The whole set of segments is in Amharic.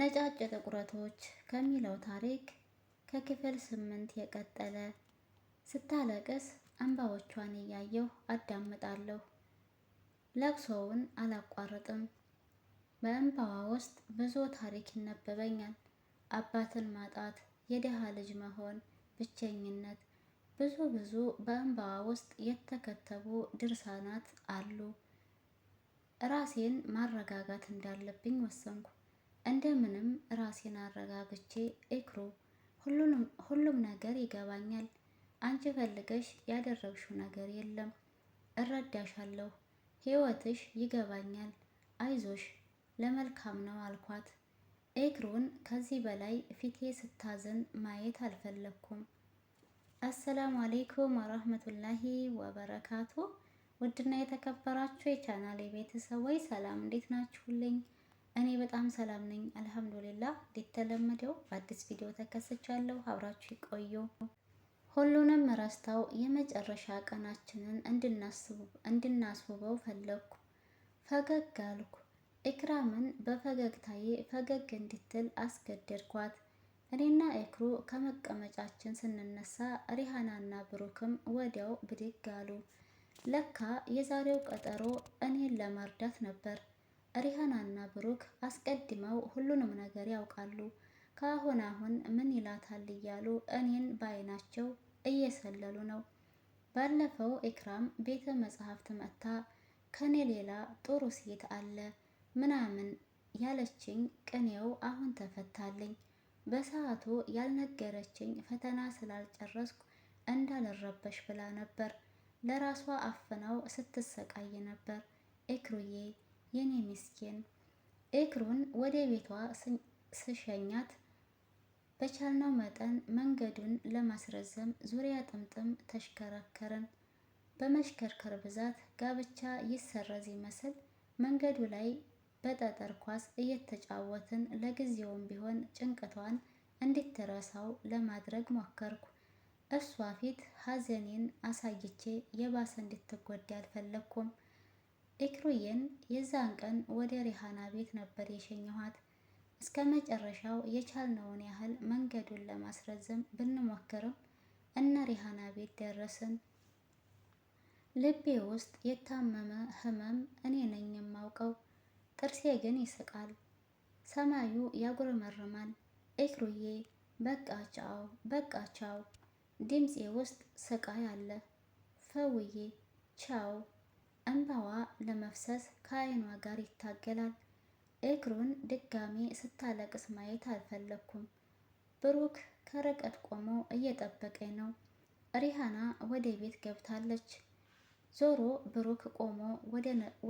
ነጫጭ ጥቁረቶች ከሚለው ታሪክ ከክፍል ስምንት የቀጠለ። ስታለቅስ እንባዎቿን እያየሁ አዳምጣለሁ። ለቅሶውን አላቋርጥም። በእንባዋ ውስጥ ብዙ ታሪክ ይነበበኛል። አባትን ማጣት፣ የድሃ ልጅ መሆን፣ ብቸኝነት፣ ብዙ ብዙ በእንባዋ ውስጥ የተከተቡ ድርሳናት አሉ። ራሴን ማረጋጋት እንዳለብኝ ወሰንኩ። እንደምንም ራሴን አረጋግቼ ኤክሮ ሁሉም ነገር ይገባኛል። አንቺ ፈልገሽ ያደረግሽው ነገር የለም። እረዳሻለሁ። ህይወትሽ ይገባኛል። አይዞሽ፣ ለመልካም ነው አልኳት። ኤክሩን ከዚህ በላይ ፊቴ ስታዘን ማየት አልፈለግኩም። አሰላሙ አሌይኩም ወረህመቱላሂ ወበረካቱ። ውድና የተከበራችሁ የቻናሌ ቤተሰቦች ሰላም፣ እንዴት ናችሁልኝ? እኔ በጣም ሰላም ነኝ አልሐምዱሊላ። እንደተለመደው በአዲስ ቪዲዮ ተከስቻለሁ። አብራችሁ ይቆዩ። ሁሉንም ረስታው የመጨረሻ ቀናችንን እንድናስውበው ፈለግኩ። ፈገግ አልኩ። ኢክራምን በፈገግታዬ ፈገግ እንድትል አስገደድኳት። እኔና ኤክሩ ከመቀመጫችን ስንነሳ ሪሃናና ብሩክም ወዲያው ብድግ አሉ። ለካ የዛሬው ቀጠሮ እኔን ለመርዳት ነበር። እና ብሩክ አስቀድመው ሁሉንም ነገር ያውቃሉ። ከአሁን አሁን ምን ይላታል እያሉ እኔን በአይናቸው እየሰለሉ ነው። ባለፈው ኤክራም ቤተ መጽሐፍት መጥታ ከኔ ሌላ ጥሩ ሴት አለ ምናምን ያለችኝ ቅኔው አሁን ተፈታልኝ። በሰዓቱ ያልነገረችኝ ፈተና ስላልጨረስኩ እንዳልረበሽ ብላ ነበር። ለራሷ አፍናው ስትሰቃይ ነበር። ኤክሩዬ የኔ ምስኪን ኤክሩን ወደ ቤቷ ስሸኛት በቻልነው መጠን መንገዱን ለማስረዘም ዙሪያ ጥምጥም ተሽከረከርን። በመሽከርከር ብዛት ጋብቻ ይሰረዝ ይመስል መንገዱ ላይ በጠጠር ኳስ እየተጫወትን ለጊዜውም ቢሆን ጭንቀቷን እንድትረሳው ለማድረግ ሞከርኩ። እሷ ፊት ሀዘኔን አሳይቼ የባሰ እንድትጎዳ አልፈለግኩም። ኤክሩዬን የዛን ቀን ወደ ሪሃና ቤት ነበር የሸኘኋት። እስከ መጨረሻው የቻልነውን ያህል መንገዱን ለማስረዘም ብንሞክርም እነ ሪሃና ቤት ደረስን። ልቤ ውስጥ የታመመ ህመም እኔ ነኝ የማውቀው፣ ጥርሴ ግን ይስቃል። ሰማዩ ያጉረመርማል። ኤክሩዬ በቃ ቻው፣ በቃ ቻው። ድምፄ ውስጥ ስቃይ አለ። ፈውዬ ቻው እንባዋ ለመፍሰስ ከአይኗ ጋር ይታገላል። እግሩን ድጋሜ ስታለቅስ ማየት አልፈለግኩም። ብሩክ ከርቀት ቆሞ እየጠበቀኝ ነው። ሪሃና ወደ ቤት ገብታለች። ዞሮ ብሩክ ቆሞ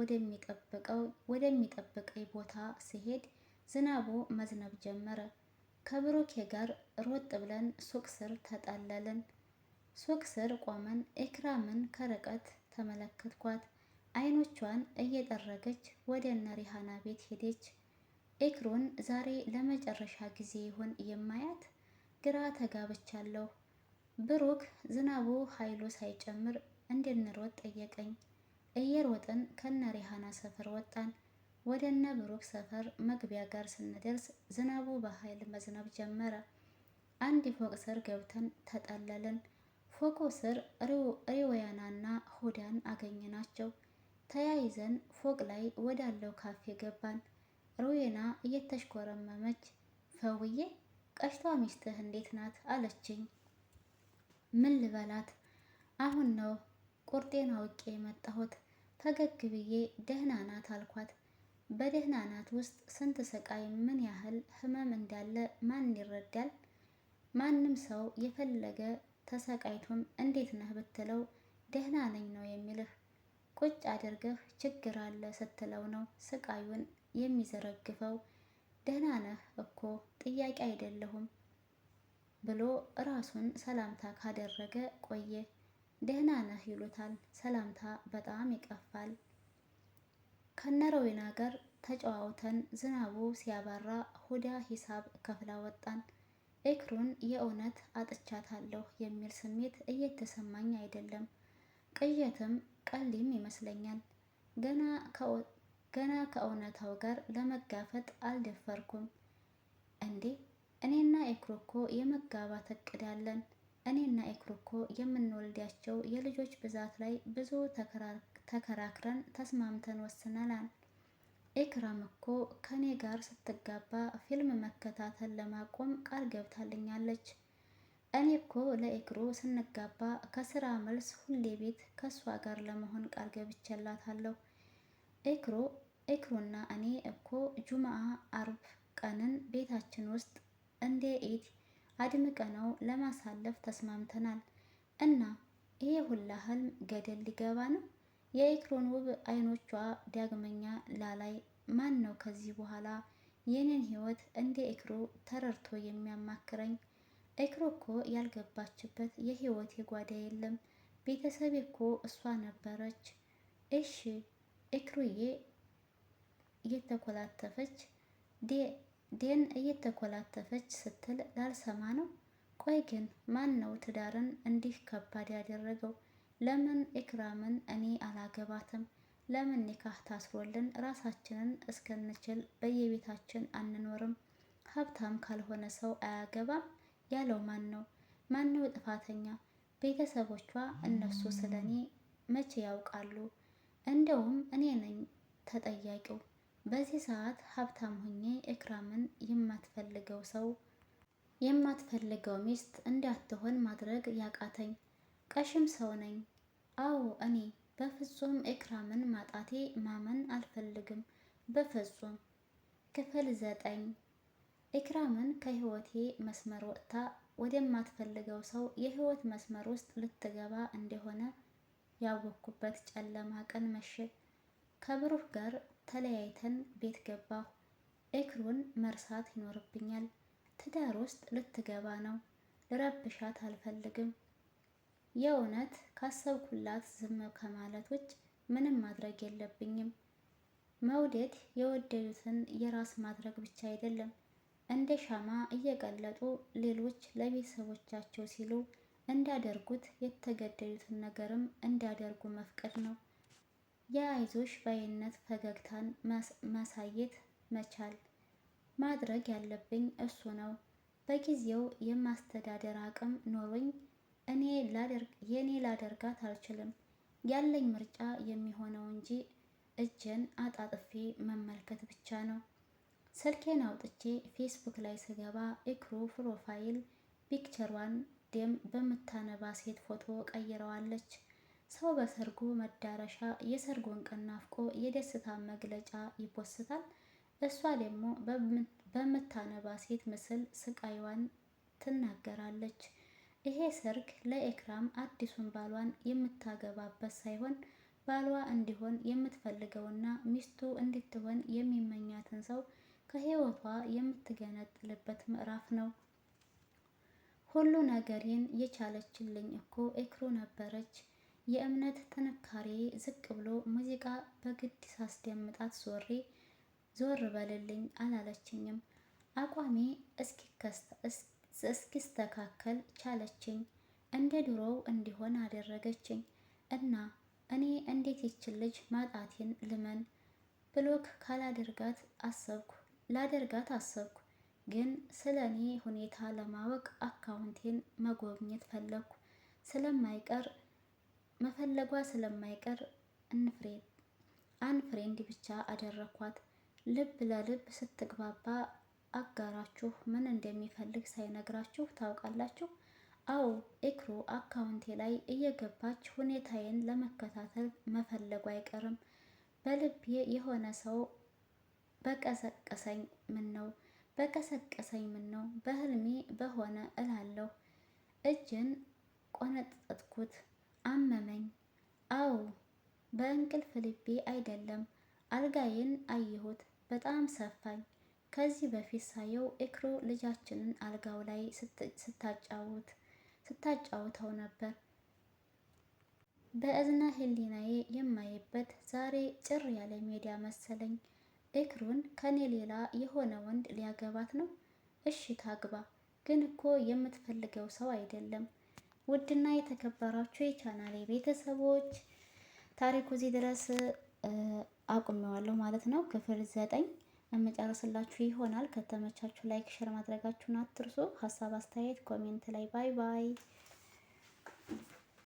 ወደሚጠብቀው ወደሚጠብቀኝ ቦታ ሲሄድ ዝናቡ መዝነብ ጀመረ። ከብሩኬ ጋር ሮጥ ብለን ሱቅ ስር ተጣላለን። ሱቅ ስር ቆመን ኤክራምን ከርቀት ተመለከትኳት። አይኖቿን እየጠረገች ወደ እነ ሪሃና ቤት ሄደች። ኤክሮን ዛሬ ለመጨረሻ ጊዜ ይሆን የማያት? ግራ ተጋብቻለሁ። ብሩክ ዝናቡ ኃይሉ ሳይጨምር እንድንሮጥ ጠየቀኝ። እየሮጥን ከነ ሪሃና ሰፈር ወጣን። ወደ እነ ብሩክ ሰፈር መግቢያ ጋር ስንደርስ ዝናቡ በኃይል መዝነብ ጀመረ። አንድ ፎቅ ስር ገብተን ተጠለልን። ፎቁ ስር ሪወያናና ሁዳን አገኘናቸው። ተያይዘን ፎቅ ላይ ወዳለው ካፌ ገባን። ሮዌና እየተሽኮረመመች ፈውዬ ቀሽቷ ሚስትህ እንዴት ናት አለችኝ። ምን ልበላት አሁን ነው ቁርጤን አውቄ የመጣሁት። ፈገግ ብዬ ደህና ናት አልኳት። በደህና ናት ውስጥ ስንት ስቃይ፣ ምን ያህል ህመም እንዳለ ማን ይረዳል? ማንም ሰው የፈለገ ተሰቃይቶም እንዴት ነህ ብትለው ደህና ነኝ ነው የሚልህ። ቁጭ አድርገህ ችግር አለ ስትለው ነው ስቃዩን የሚዘረግፈው። ደህና ነህ እኮ ጥያቄ አይደለሁም ብሎ ራሱን ሰላምታ ካደረገ ቆየ። ደህና ነህ ይሉታል። ሰላምታ በጣም ይቀፋል። ከነረዊና ጋር ተጨዋውተን ዝናቡ ሲያባራ ሁዳ ሂሳብ ከፍላ ወጣን። ኤክሩን የእውነት አጥቻታለሁ የሚል ስሜት እየተሰማኝ አይደለም። ቅየትም ቀሊም ይመስለኛል። ገና ከእውነታው ጋር ለመጋፈጥ አልደፈርኩም። እንዴ እኔና ኤክሮኮ የመጋባት እቅድ ያለን እኔና ኤክሮኮ የምንወልዳቸው የልጆች ብዛት ላይ ብዙ ተከራክረን ተስማምተን ወስነናል። ኤክራም እኮ ከእኔ ጋር ስትጋባ ፊልም መከታተል ለማቆም ቃል ገብታልኛለች። እኔ እኮ ለኤክሮ ስንጋባ ከስራ መልስ ሁሌ ቤት ከእሷ ጋር ለመሆን ቃል ገብቼላታለሁ። ኤክሮ ኤክሮና እኔ እኮ ጁምአ አርብ ቀንን ቤታችን ውስጥ እንደ ኢድ አድምቀነው ለማሳለፍ ተስማምተናል። እና ይሄ ሁላ ህልም ገደል ሊገባ ነው። የኤክሮን ውብ አይኖቿ ዳግመኛ ላላይ ማን ነው ከዚህ በኋላ የኔን ህይወት እንደ ኤክሮ ተረድቶ የሚያማክረኝ? ኤክሮ እኮ ያልገባችበት የህይወቴ ጓዳ የለም። ቤተሰቤ እኮ እሷ ነበረች። እሺ እክሩዬ እየተኮላተፈች ዴን እየተኮላተፈች ስትል ላልሰማ ነው። ቆይ ግን ማን ነው ትዳርን እንዲህ ከባድ ያደረገው? ለምን ኢክራምን እኔ አላገባትም? ለምን ኒካህ ታስሮልን ራሳችንን እስከንችል በየቤታችን አንኖርም? ሀብታም ካልሆነ ሰው አያገባም? ያለው ማን ነው? ነው ጥፋተኛ? ቤተሰቦቿ እነሱ ስለ እኔ መቼ ያውቃሉ? እንደውም እኔ ነኝ ተጠያቂው። በዚህ ሰዓት ሀብታም ሆኜ ኤክራምን የማትፈልገው ሰው የማትፈልገው ሚስት እንዳትሆን ማድረግ ያቃተኝ ቀሽም ሰው ነኝ። አዎ እኔ በፍጹም እክራምን ማጣቴ ማመን አልፈልግም። በፍጹም ክፍል ዘጠኝ ኢክራምን ከህይወቴ መስመር ወጥታ ወደማትፈልገው ሰው የህይወት መስመር ውስጥ ልትገባ እንደሆነ ያወቅኩበት ጨለማ ቀን መሸ። ከብሩህ ጋር ተለያይተን ቤት ገባሁ። ኤክሩን መርሳት ይኖርብኛል። ትዳር ውስጥ ልትገባ ነው። ልረብሻት አልፈልግም። የእውነት ካሰብኩላት ዝም ከማለት ውጭ ምንም ማድረግ የለብኝም። መውደድ የወደዱትን የራስ ማድረግ ብቻ አይደለም እንደ ሻማ እየቀለጡ ሌሎች ለቤተሰቦቻቸው ሲሉ እንዲያደርጉት የተገደዱትን ነገርም እንዲያደርጉ መፍቀድ ነው። የአይዞሽ ባይነት ፈገግታን ማሳየት መቻል። ማድረግ ያለብኝ እሱ ነው። በጊዜው የማስተዳደር አቅም ኖሮኝ የእኔ ላደርጋት አልችልም። ያለኝ ምርጫ የሚሆነው እንጂ እጄን አጣጥፌ መመልከት ብቻ ነው። ስልኬን አውጥቼ ፌስቡክ ላይ ስገባ ኤክሩ ፕሮፋይል ፒክቸሯን ደም በምታነባ ሴት ፎቶ ቀይረዋለች። ሰው በሰርጉ መዳረሻ የሰርጉን ቀን ናፍቆ የደስታ መግለጫ ይፖስታል። እሷ ደግሞ በምታነባ ሴት ምስል ስቃይዋን ትናገራለች። ይሄ ሰርግ ለኤክራም አዲሱን ባሏን የምታገባበት ሳይሆን ባሏ እንዲሆን የምትፈልገውና ሚስቱ እንድትሆን የሚመኛትን ሰው ከህይወቷ የምትገነጥልበት ምዕራፍ ነው። ሁሉ ነገሬን የቻለችልኝ እኮ ኤክሩ ነበረች። የእምነት ጥንካሬ ዝቅ ብሎ ሙዚቃ በግድ ሳስደምጣት ዞሬ ዞር በልልኝ አላለችኝም። አቋሜ እስኪስተካከል ቻለችኝ። እንደ ድሮው እንዲሆን አደረገችኝ። እና እኔ እንዴት ይችን ልጅ ማጣቴን ልመን ብሎክ ካላደርጋት አሰብኩ። ላደርጋት አሰብኩ። ግን ስለ እኔ ሁኔታ ለማወቅ አካውንቴን መጎብኘት ፈለግኩ። ስለማይቀር መፈለጓ ስለማይቀር አንፍሬንድ ብቻ አደረኳት። ልብ ለልብ ስትግባባ አጋራችሁ ምን እንደሚፈልግ ሳይነግራችሁ ታውቃላችሁ? አዎ ኤክሮ አካውንቴ ላይ እየገባች ሁኔታዬን ለመከታተል መፈለጉ አይቀርም። በልቤ የሆነ ሰው በቀሰቀሰኝ ምን ነው በቀሰቀሰኝ ምን ነው በህልሜ በሆነ እላለሁ። እጅን ቆነጠጥኩት አመመኝ። አዎ በእንቅልፍ ልቤ አይደለም አልጋዬን አየሁት በጣም ሰፋኝ። ከዚህ በፊት ሳየው ኤክሮ ልጃችንን አልጋው ላይ ስታጫውት ስታጫውተው ነበር። በእዝነ ህሊናዬ የማይበት ዛሬ ጭር ያለ ሜዳ መሰለኝ። ኤክሩን ከኔ ሌላ የሆነ ወንድ ሊያገባት ነው? እሺ ታግባ፣ ግን እኮ የምትፈልገው ሰው አይደለም። ውድና የተከበራችሁ የቻናሌ ቤተሰቦች ታሪኩ እዚህ ድረስ አቁሜዋለሁ ማለት ነው። ክፍል ዘጠኝ የምጨርስላችሁ ይሆናል። ከተመቻችሁ ላይክ፣ ሸር ማድረጋችሁን አትርሱ። ሀሳብ አስተያየት ኮሜንት ላይ ባይ ባይ